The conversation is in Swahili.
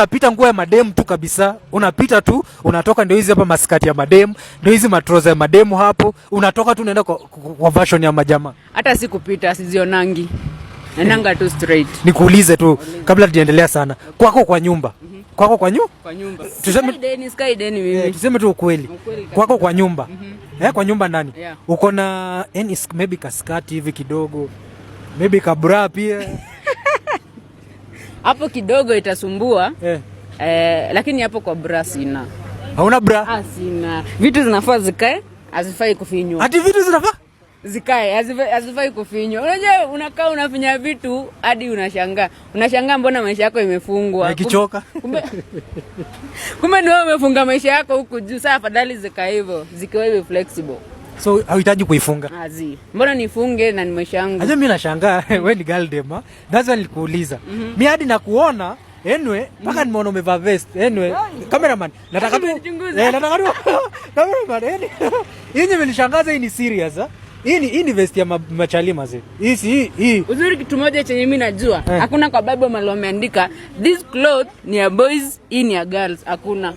Unapita nguo ya mademu tu kabisa, unapita tu unatoka, ndio hizi hapa maskati ya mademu, ndio hizi matroza ya mademu hapo, unatoka tu unaenda kwa, kwa version ya majama. Hata sikupita sizionangi, nanga tu straight. Nikuulize tu kabla tujaendelea sana, kwako kwa nyumba, mhm. kwako kwa nyumba, kwa nyumba tuseme deni sky deni, mimi eh, tuseme tu ukweli, kwako kwa nyumba mhm. eh, kwa nyumba ndani uko na maybe kaskati hivi kidogo, maybe kabra pia hapo kidogo itasumbua yeah. Eh, lakini hapo kwa bra sina. Hauna bra? Ah, sina. Vitu zinafaa zikae, hazifai kufinywa. Hadi vitu zinafaa zikae, hazifai kufinywa. Unajua unakaa unafinya vitu hadi unashangaa. Unashangaa mbona maisha yako imefungwa. Nikichoka. Eh, kumbe Kumbe ni wewe umefunga maisha yako huku juu. Sasa afadhali zikae hivyo, zikiwa hivi flexible. So hauhitaji kuifunga. Azi. Mbona nifunge na ni maisha yangu? Aje mimi nashangaa wewe ni girl dem. That's why nilikuuliza. Mimi mhm. hadi nakuona enwe mpaka mhm. nimeona umevaa vest. enwe. Yaani. cameraman, nataka tu eh, nataka tu cameraman. eni. Yaani. Hii nilishangaza hii ni serious ah. Hii ni hii ni vest ya machalima zee. Hii si hii. Uzuri kitu moja chenye mimi najua, eh. hakuna kwa Bible mahali this cloth ni ya boys, hii ni ya girls, hakuna.